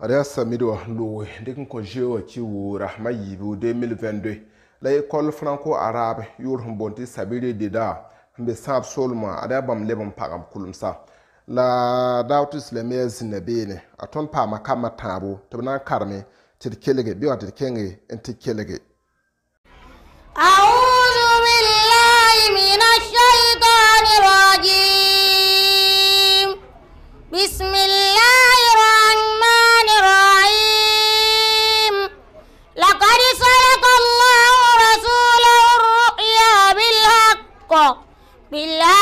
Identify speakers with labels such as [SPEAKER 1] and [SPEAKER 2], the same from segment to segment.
[SPEAKER 1] Ariya Samido Lowe, Dekin Konjewa Kiwu Rahma Yibu 2022, la école franco-arabe yʋʋr sẽn sabiri dida, mbe sab sãab solmã a daa bãmb leb n la daawat le zĩna zine a aton pa makama tabu, tɩ b na n karme tɩ d kelge bɩ
[SPEAKER 2] wã n Bila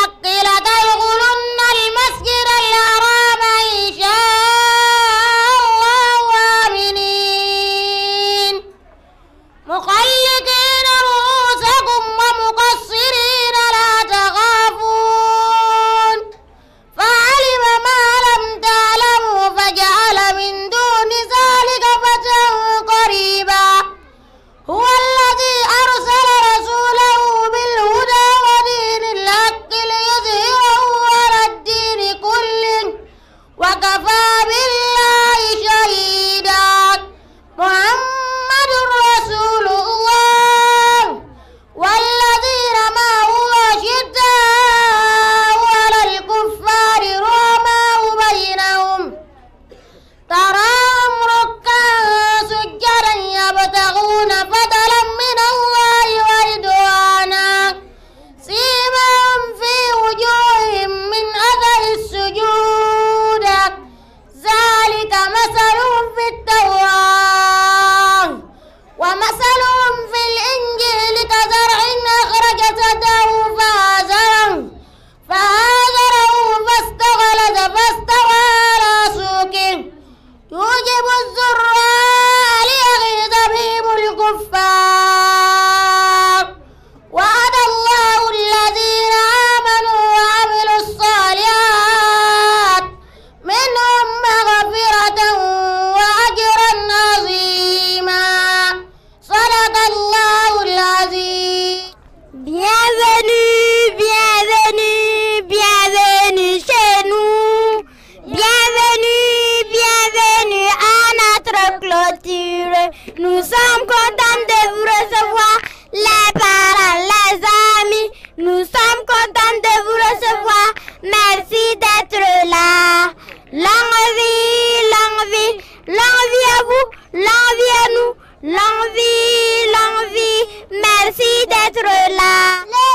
[SPEAKER 2] Nous sommes contents de vous recevoir, les parents, les amis. Nous sommes contents de vous
[SPEAKER 1] recevoir. Merci d'être là. L'envie, l'envie,
[SPEAKER 3] l'envie à vous, l'envie à nous, L'envie, l'envie, Merci d'être là.